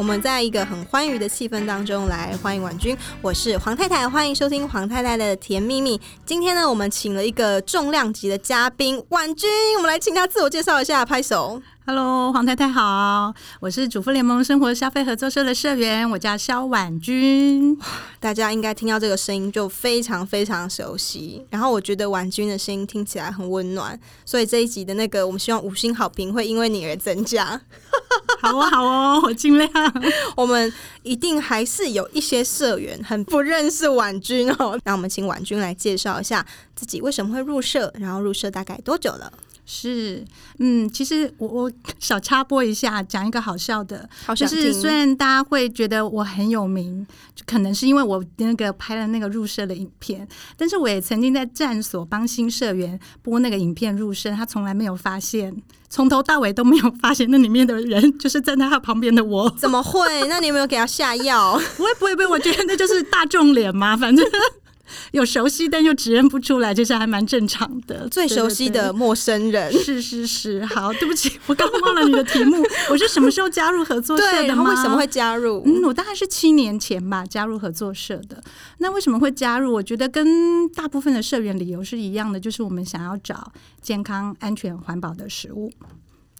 我們在一個很歡愉的氣氛當中來歡迎婉君，我是黃太太，歡迎收聽黃太太的甜蜜蜜。今天呢，我們請了一個重量級的嘉賓婉君，我們來請她自我介紹一下，拍手。Hello，黃太太好，我是主婦聯盟生活消費合作社的社員，我叫蕭婉君。大家應該聽到這個聲音就非常非常熟悉。然後我覺得婉君的聲音聽起來很溫暖，所以這一集的那個我們希望五星好評會因為你而增加。好哦好哦，我盡量。 我們一定還是有一些社員很不認識婉君哦，那我們請婉君來介紹一下自己為什麼會入社，然後入社大概多久了？是，嗯，其實我我小插播一下，講一個好笑的，好，就是雖然大家會覺得我很有名，就可能是因為我那個拍了那個入社的影片，但是我也曾經在站所幫新社員播那個影片入社，他從來沒有發現，從頭到尾都沒有發現那裡面的人就是站在他旁邊的我。怎麼會？那你有沒有給他下藥？ 不會不會，我覺得那就是大眾臉嘛，反正。 有熟悉，但又指認不出來，這是還蠻正常的。最熟悉的陌生人。對對對，是是是。好，對不起，我剛剛忘了你的題目。 我是什麼時候加入合作社的嗎？ 然後為什麼會加入？嗯，我大概是七年前吧加入合作社的。那為什麼會加入？我覺得跟大部分的社員理由是一樣的，就是我們想要找健康、安全、環保的食物。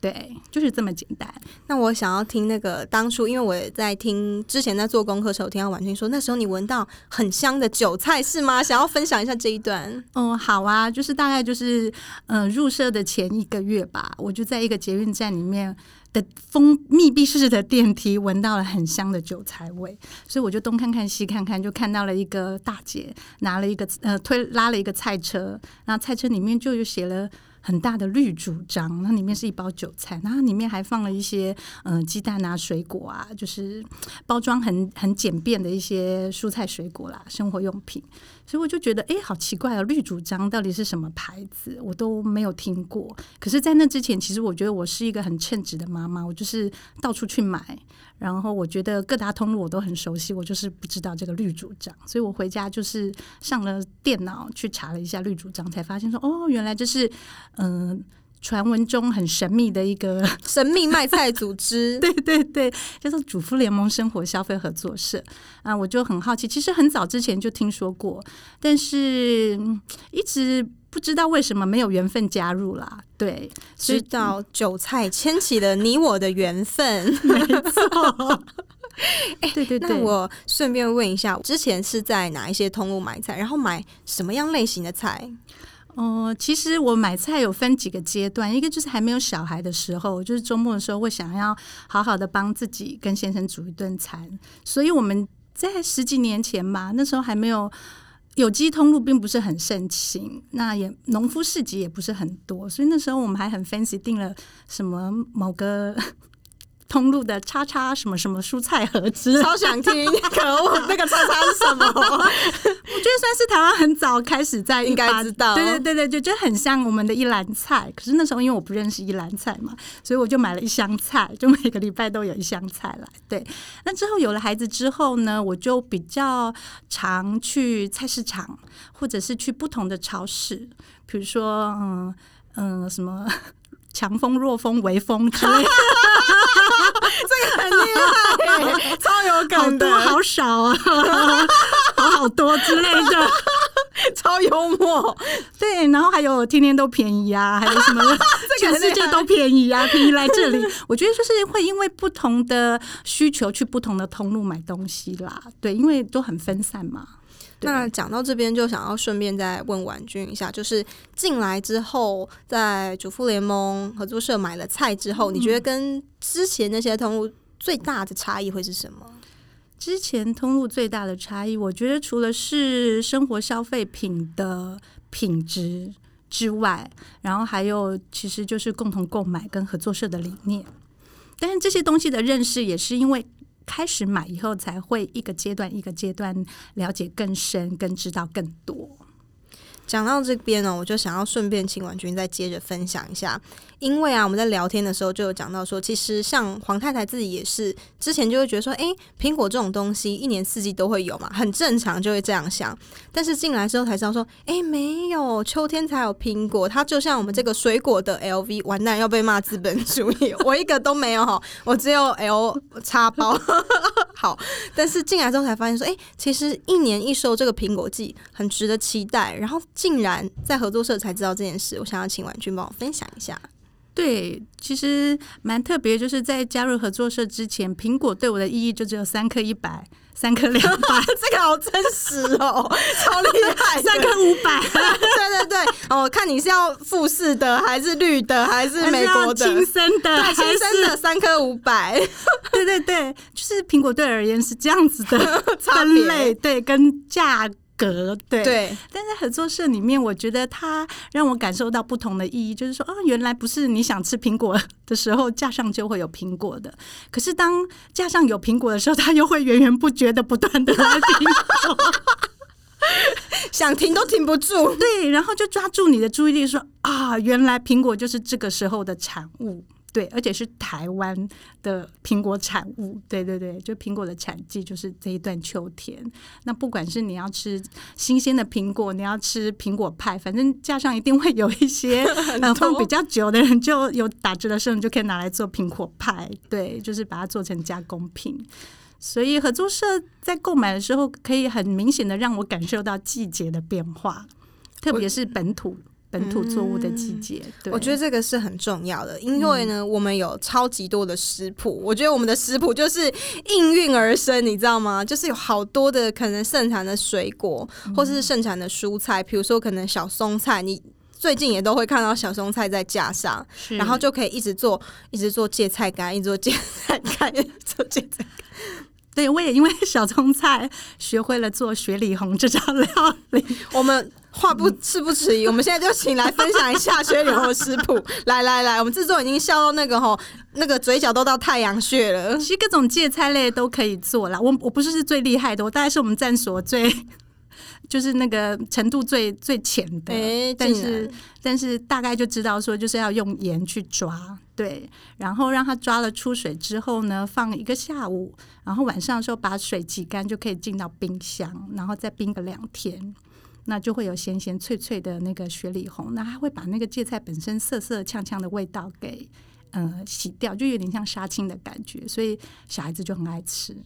對，就是這麼簡單。那我想要聽那個當初，因為我也在聽之前在做功課的時候，聽到婉君說那時候你聞到很香的韭菜是嗎？想要分享一下這一段。哦、嗯，好啊，就是大概就是嗯、呃，入社的前一個月吧，我就在一個捷運站裡面的封密閉式的電梯聞到了很香的韭菜味，所以我就東看看西看看，就看到了一個大姐拿了一個呃推拉了一個菜車，然後菜車裡面就有寫了。.很大的綠主張，那裡面是一包韭菜，那裡面還放了一些嗯雞、呃、蛋啊，水果啊，就是包裝很很簡便的一些蔬菜、水果啦，生活用品。所以我就覺得，哎，好奇怪啊！哦，綠主張到底是什麼牌子，我都沒有聽過。可是，在那之前，其實我覺得我是一個很稱職的媽媽，我就是到處去買，然後我覺得各大通路我都很熟悉，我就是不知道這個綠主張。所以我回家就是上了電腦去查了一下綠主張，才發現說，哦，原來這是嗯。呃傳聞中很神秘的一個神秘賣菜組織， 對對對，叫做“主婦聯盟生活消費合作社”。啊，我就很好奇，其實很早之前就聽說過，但是一直不知道為什麼沒有緣分加入啦。對，知道、嗯、韭菜牽起了你我的緣分， 沒錯。 欸、對對對，那我順便問一下，之前是在哪一些通路買菜，然後買什麼樣類型的菜？哦、呃，其實我買菜有分幾個階段，一個就是還沒有小孩的時候，就是周末的時候，會想要好好的幫自己跟先生煮一頓餐。所以我們在十幾年前吧，那時候還沒有有機通路，並不是很盛行，那也農夫市集也不是很多，所以那時候我們還很 fancy 訂了什麼某個。通路的叉叉什麼什麼蔬菜盒子，超想聽，可惡。 那個叉叉是什麼？ 我覺得算是台灣很早開始在應該知道，對對對對，就覺得很像我們的一籃菜。可是那時候因為我不認識一籃菜嘛，所以我就買了一箱菜，就每個禮拜都有一箱菜來。對，那之後有了孩子之後呢，我就比較常去菜市場，或者是去不同的超市，比如說嗯嗯、呃、什麼強風弱風微風之類的。 這個很厲害，欸， 超有感的，好，好少啊， 好好多之類的， 超幽默。對，然後還有天天都便宜啊，還有什麼全世界都便宜啊， 便宜來這裡。我覺得就是會因為不同的需求去不同的通路買東西啦。對，因為都很分散嘛。那講到這邊，就想要順便再問婉君一下，就是進來之後，在主婦聯盟合作社買了菜之後，你覺得跟之前那些通路最大的差異會是什麼？之前通路最大的差異，我覺得除了是生活消費品的品質之外，然後還有其實就是共同購買跟合作社的理念。但是這些東西的認識也是因為。開始買以後，才會一個階段一個階段了解更深，更知道更多。講到這邊呢、哦，我就想要順便請婉君再接着分享一下，因為啊，我們在聊天的時候就有講到說，其實像黃太太自己也是之前就會覺得說，誒，蘋果這種東西一年四季都會有嘛，很正常，就會這樣想。但是進來之後才知道說，誒，沒有，秋天才有蘋果。它就像我們這個水果的 LV，完蛋，要被罵資本主義。我一個都沒有，我只有 L 叉包。 好，但是進來之後才發現說，誒，其實一年一收這個蘋果季很值得期待。然後，竟然在合作社才知道這件事，我想要請婉君幫我分享一下。對，其實蠻特別，就是在加入合作社之前，蘋果對我的意義就只有三顆一百，三顆兩百，這個好真實哦、喔，超厲 害，三顆五百。對對對，哦，看你是要富士的，還是綠的，還是美國的？親生的，對，親生的三顆五百。 對，對對對，就是蘋果對而言是這樣子的分 別類，對，跟價。格對，對，但在合作社裡面，我覺得它讓我感受到不同的意義，就是說，哦，原來不是你想吃蘋果的時候架上就會有蘋果的，可是當架上有蘋果的時候，它又會源源不絕的不斷的來蘋果， 想停都停不住，對，然後就抓住你的注意力說，說啊，原來蘋果就是這個時候的產物。對，而且是台灣的蘋果產物。對對對，就蘋果的產季就是這一段秋天。那不管是你要吃新鮮的蘋果，你要吃蘋果派，反正架上一定會有一些。嗯，放比較久的人就有打折的時候，你就可以拿來做蘋果派。對，就是把它做成加工品。所以合作社在購買的時候，可以很明顯的讓我感受到季節的變化，特別是本土，本土作物的季節，嗯、對我覺得這個是很重要的，因為呢，我們有超級多的食譜。嗯、我覺得我們的食譜就是應運而生，你知道嗎？就是有好多的可能盛產的水果，嗯、或者是盛產的蔬菜，比如說可能小松菜，你最近也都會看到小松菜在架上，是然後就可以一直做，一直做芥菜乾，一直做芥菜乾，一直做芥菜乾。 對，我也因為小蔥菜學會了做雪裡紅這道料理。我們話不是不遲疑，嗯、我們現在就請來分享一下雪裡紅的食譜。 來來來，我們製作已經笑到那個吼、哦，那個嘴角都到太陽穴了。其實各種芥菜類都可以做啦。我我不是是最厲害的，我大概是我們站所最就是那個程度最最淺的。但是但是大概就知道說，就是要用鹽去抓。對，然後讓它抓了出水之後呢，放一個下午，然後晚上的時候把水擠乾，就可以進到冰箱，然後再冰個兩天，那就會有鹹鹹脆脆的那個雪裡紅。那它會把那個芥菜本身澀澀嗆嗆的味道給呃洗掉，就有點像殺青的感覺，所以小孩子就很愛吃，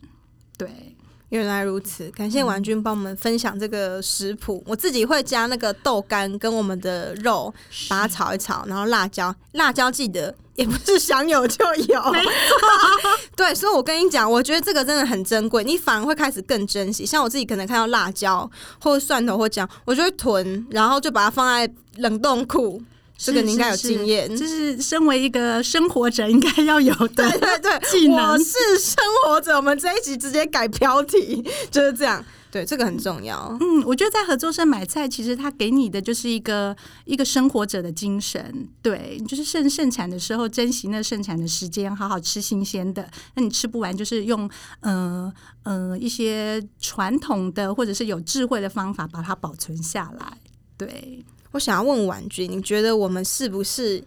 對。原來如此，感謝婉君幫我們分享這個食譜。我自己會加那個豆乾，跟我們的肉把它炒一炒，然後辣椒，辣椒記得也不是想有就有。 對，所以，我跟你講，我覺得這個真的很珍貴，你反而會開始更珍惜。像我自己，可能看到辣椒或者蒜頭或者薑，我就會囤，然後就把它放在冷凍庫。這個你應該有經驗，就是身為一個生活者應該要有的， 對對對， 技能我是生活者，我們這一集直接改標題就是這樣，對，這個很重要。嗯，我覺得在合作社買菜，其實它給你的就是一個一個生活者的精神，對，就是盛盛產的時候珍惜那盛產的時間，好好吃新鮮的。那你吃不完，就是用嗯嗯、呃呃、一些傳統的或者是有智慧的方法把它保存下來，對。我想要問婉君，你覺得我們是不是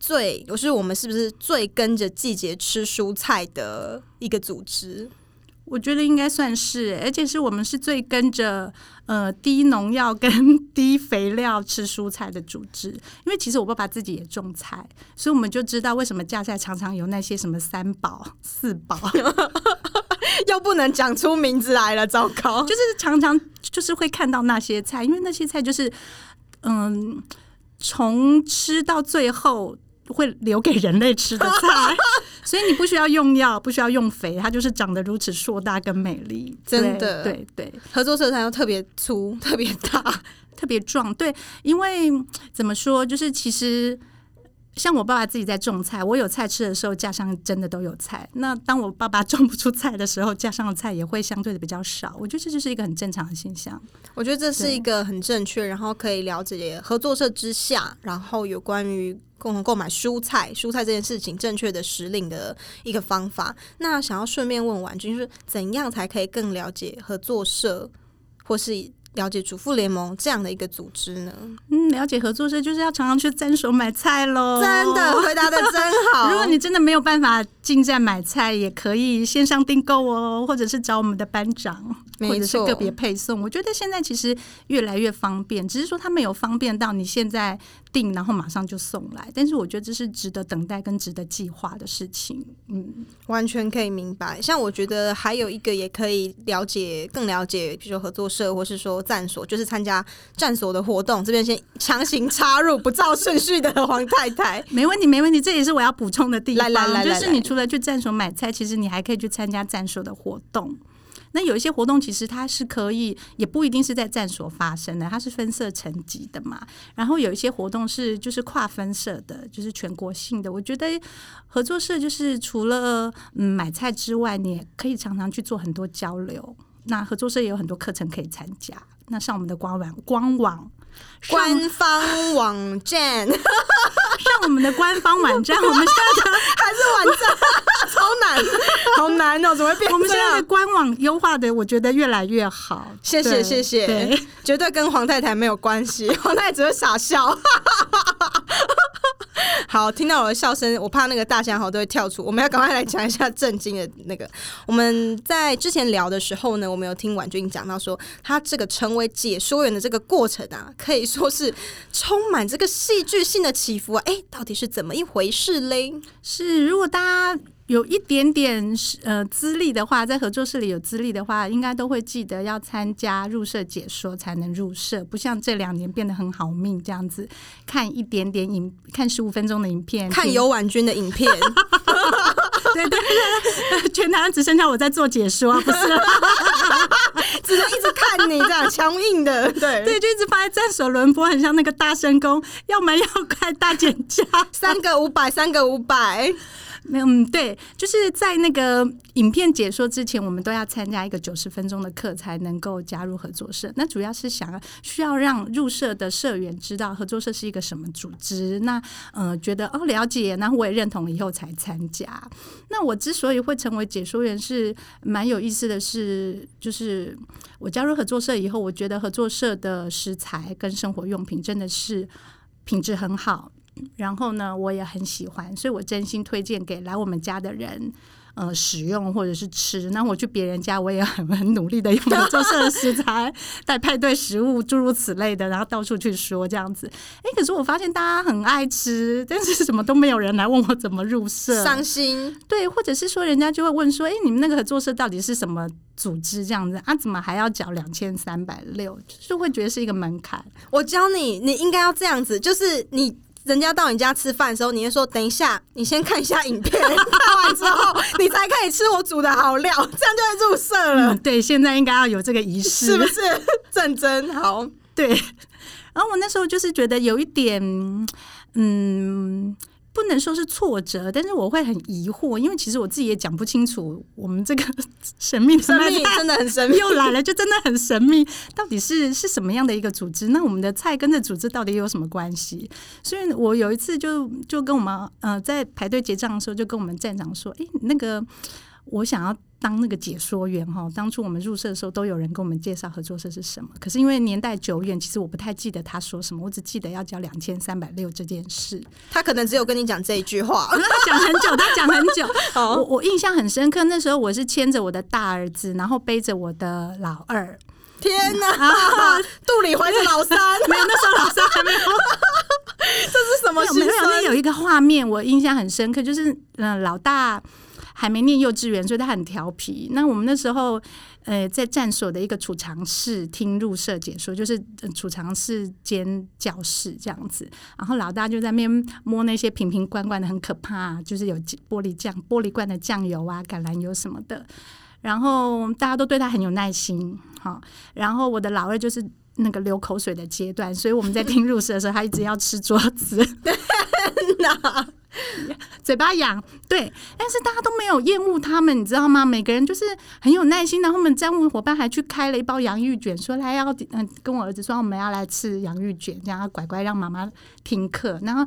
最，有時候我們是不是最跟着季節吃蔬菜的一個組織？我覺得應該算是，而且是我們是最跟着呃低農藥跟低肥料吃蔬菜的組織。因為其實我爸爸自己也種菜，所以我們就知道為什麼家菜常常有那些什麼三寶四寶， 又不能講出名字來了，糟糕！就是常常就是會看到那些菜，因為那些菜就是。嗯，從吃到最後會留給人類吃的菜， 所以你不需要用藥，不需要用肥，它就是長得如此碩大跟美麗，真的，對對，對對，合作社它又特別粗、特別大、特別壯，對，因為怎麼說，就是其實。像我爸爸自己在種菜，我有菜吃的時候，架上真的都有菜。那當我爸爸種不出菜的時候，架上的菜也會相對的比較少。我覺得這就是一個很正常的現象。我覺得這是一個很正確，對然後可以了解合作社之下，然後有關於共同購買蔬菜、蔬菜這件事情正確的時令的一個方法。那想要順便問婉君就是怎樣才可以更了解合作社，或是了解主婦聯盟這樣的一個組織呢？嗯，了解合作社就是要常常去沾手買菜嘍。真的，回答得真好。 如果你真的沒有辦法進站買菜，也可以線上訂購哦，或者是找我們的班長，或者是個別配送。沒錯。我覺得現在其實越來越方便，只是說他沒有方便到你現在。定，然後馬上就送來。但是我覺得這是值得等待跟值得計劃的事情。嗯，完全可以明白。像我覺得還有一個也可以了解，更了解，比如說合作社，或是說站所，就是參加站所的活動。這邊先強行插入不照順序的黃太太，沒問題，沒問題。這也是我要補充的地方，來來來來來，就是你除了去站所買菜，其實你還可以去參加站所的活動。那有一些活動其實它是可以，也不一定是在站所發生的，它是分社層級的嘛。然後有一些活動是就是跨分社的，就是全國性的。我覺得合作社就是除了嗯買菜之外，你也可以常常去做很多交流。那合作社也有很多課程可以參加。那上我們的官網官網。官方網站上， 上我們的官方網站， 我們現在的 還是網站，好難，好 難哦，怎麼會變？我們現在的官網優化的，我覺得越來越好。謝謝，對謝謝，對絕對跟黃太太沒有關係，黃太太只會傻笑。 好，聽到我的笑聲，我怕那個大象好都會跳出。我們要趕快來講一下正經的那個。我們在之前聊的時候呢，我們有聽婉君講到說，他這個成為解說員的這個過程啊，可以說是充滿這個戲劇性的起伏啊。哎、欸，到底是怎麼一回事嘞？是，如果大家。有一點點呃資歷的話，在合作社裡有資歷的話，應該都會記得要參加入社解說才能入社，不像這兩年變得很好命這樣子，看一點點影，看十五分鐘的影片，看蕭婉君的影片。 對，對對對，全台只剩下我在做解說，不是？ 只能一直看你這樣強 硬的，對對，就一直現在索輪播，很像那個大聲公，要買要開大減價， 三個五百，三個五百。沒有、嗯，對，就是在那個影片解說之前，我們都要參加一個九十分鐘的課，才能夠加入合作社。那主要是想要需要讓入社的社員知道合作社是一個什麼組織。那呃，覺得哦，了解，那我也認同了以後才參加。那我之所以會成為解說員，是蠻有意思的是，就是我加入合作社以後，我覺得合作社的食材跟生活用品真的是品質很好。然後呢，我也很喜歡，所以我真心推薦給來我們家的人，呃，使用或者是吃。那我去別人家，我也很很努力地用合作社食材 帶派對食物，諸如此類的，然後到處去說這樣子。哎，可是我發現大家很愛吃，但是什麼都沒有人來問我怎麼入社，傷心星。對，或者是說人家就會問說，哎，你們那個合作社到底是什麼組織這樣子啊？怎麼還要繳兩千三百六？就是會覺得是一個門檻。我教你，你應該要這樣子，就是你。人家到你家吃飯的時候，你就說：“等一下，你先看一下影片，看 完之後你才可以吃我煮的好料，這樣就會入社了。嗯”對，現在應該要有這個儀式，是不是戰爭？好，對。然後我那時候就是覺得有一點，嗯。不能說是挫折，但是我會很疑惑，因為其實我自己也講不清楚，我們這個神秘的，神秘真的很神秘，又來了，就真的很神秘， 到底是是什麼樣的一個組織？那我們的菜跟這組織到底有什麼關係？所以，我有一次就就跟我們，呃在排隊結賬的時候，就跟我們站長說：“誒，那個，我想要。”當那個解說員哈，當初我們入社的時候，都有人跟我們介紹合作社是什麼。可是因為年代久遠，其實我不太記得他說什麼，我只記得要交兩千三百六這件事。他可能只有跟你講這一句話，哦、他講很久，他講很久。 好我我印象很深刻，那時候我是牽着我的大兒子，然後背着我的老二。天吶、啊，啊、肚裡懷着老三。 沒有，那時候老三還沒有。 這是什麼事情？沒有，沒有。那有一個畫面我印象很深刻，就是嗯、呃，老大。還沒念幼稚園，所以他很調皮。那我們那時候，呃，在站所的一個儲藏室聽入社解說，就是儲、呃、藏室兼教室這樣子。然後老大就在那邊摸那些瓶瓶罐罐的，很可怕，就是有玻璃醬、玻璃罐的醬油啊、橄欖油什麼的。然後大家都對他很有耐心，好、哦。然後我的老二就是那個流口水的階段，所以我們在聽入社的時候， 他一直要吃桌子。 嘴巴癢，對，但是大家都沒有厭惡他們，你知道嗎？每個人就是很有耐心，然後我們站務夥伴還去開了一包洋芋卷，說來要、呃、跟我兒子說我們要來吃洋芋卷，然後乖乖讓媽媽聽課，然後。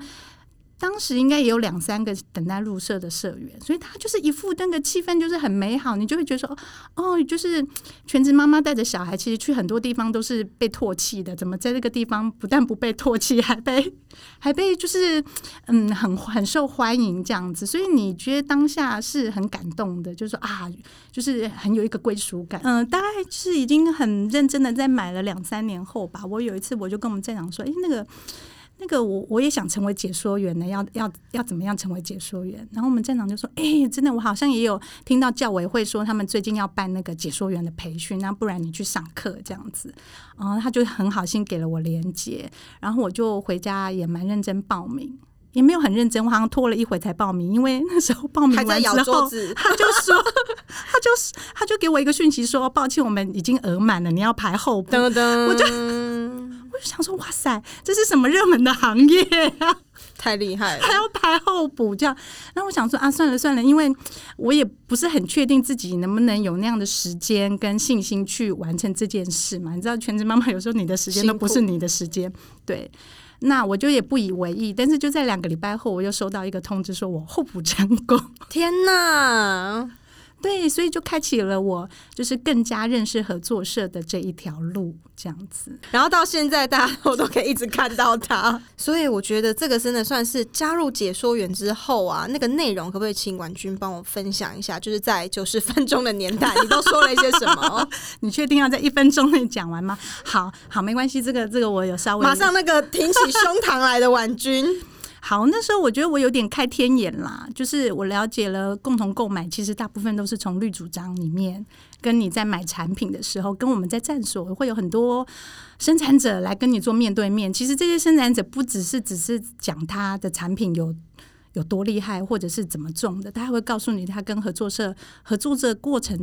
當時應該也有兩三個等待入社的社員，所以他就是一副那個氣氛，就是很美好，你就會覺得說，哦，就是全職媽媽帶着小孩，其實去很多地方都是被唾棄的，怎麼在這個地方不但不被唾棄，還被還被就是嗯，很很受歡迎這樣子，所以你覺得當下是很感動的，就是說啊，就是很有一個歸屬感，嗯，大概是已經很認真的在買了兩三年後吧。我有一次我就跟我們站長說，欸，那個。那個我我也想成為解說員呢，要要要怎麼樣成為解說員？然後我們站長就說：“哎、欸，真的，我好像也有聽到教委會說他們最近要辦那個解說員的培訓，那不然你去上課這樣子。”然後他就很好心給了我連結，然後我就回家也蠻認真報名，也沒有很認真，我好像拖了一回才報名，因為那時候報名完之後還在桌子 他就說，他就他就給我一個訊息說：“抱歉，我們已經額滿了，你要排後部。噠噠”噔我就。就想說哇塞，這是什麼熱門的行業啊，太厲害了，還要排候補，這樣。然後那我想說啊，算了算了，因為我也不是很確定自己能不能有那樣的時間跟信心去完成這件事嘛。你知道，全職媽媽有時候你的時間都不是你的時間，辛苦。對。那我就也不以為意，但是就在兩個禮拜後，我又收到一個通知，說我候補成功。天哪！對，所以就開啟了我就是更加認識合作社的這一條路，這樣子。然後到現在，大家我都可以一直看到他。 所以我覺得這個真的算是加入解說員之後啊，那個內容可不可以請婉君幫我分享一下？就是在九十分鐘的年代，你都說了一些什麼？ 你確定要在一分鐘內講完嗎？好好，沒關係，這個這個我有稍微馬上那個挺起胸膛來的婉君。 好，那時候我覺得我有點開天眼啦，就是我了解了共同購買，其實大部分都是從綠主張裡面跟你在買產品的時候，跟我們在站所會有很多生產者來跟你做面對面。其實這些生產者不只是只是講他的產品有有多厲害，或者是怎麼種的，他還會告訴你他跟合作社合作的過程，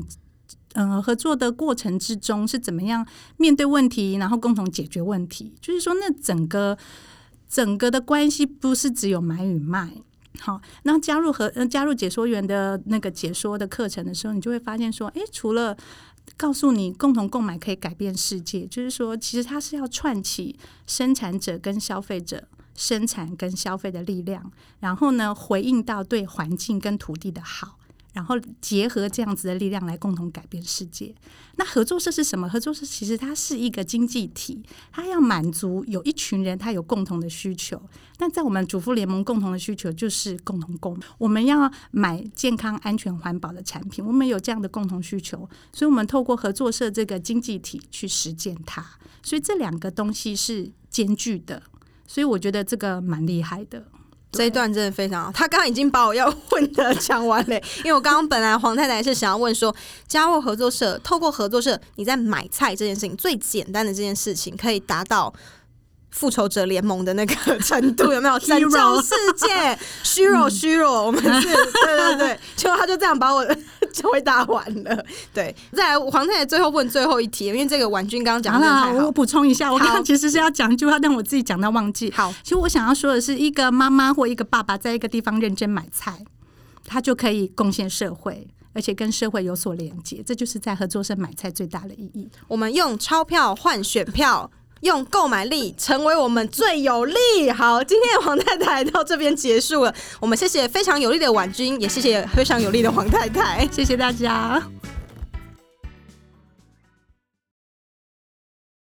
嗯、呃，合作的過程之中是怎麼樣面對問題，然後共同解決問題。就是說，那整個。整個的關係不是只有買與賣，好，那加入和加入解說員的那個解說的課程的時候，你就會發現說，誒，除了告訴你共同購買可以改變世界，就是說，其實它是要串起生產者跟消費者，生產跟消費的力量，然後呢，回應到對環境跟土地的好。然後結合這樣子的力量來共同改變世界。那合作社是什麼？合作社其實它是一個經濟體，它要滿足有一群人，它有共同的需求。那在我們主婦聯盟，共同的需求就是共同購，我們要買健康、安全、環保的產品，我們有這樣的共同需求，所以我們透過合作社這個經濟體去實踐它。所以這兩個東西是兼具的，所以我覺得這個蠻厲害的。這一段真的非常好，他剛剛已經把我要問的講完嘞，因為我剛剛本來黃太太是想要問說，加入合作社透過合作社，你在買菜這件事情最簡單的這件事情，可以達到。復仇者聯盟的那個程度有沒有？拯救 Hero 世界，虛 Hero 弱虛弱，嗯、我們是，對對對，就他就這樣把我 就回答完了。對，再來，黃太太最後問最後一題，因為這個婉君剛剛講了，我補充一下，好我剛剛其實是要講一句話，但我自己講到忘記。好，其實我想要說的是，一個媽媽或一個爸爸在一個地方認真買菜，他就可以貢獻社會，嗯、而且跟社會有所連接，這就是在合作社買菜最大的意義。我們用鈔票換選票。用購買力成為我們最有力。好，今天的黃太太到這邊結束了。我們謝謝非常有力的婉君，也謝謝非常有力的黃太太。謝謝大家。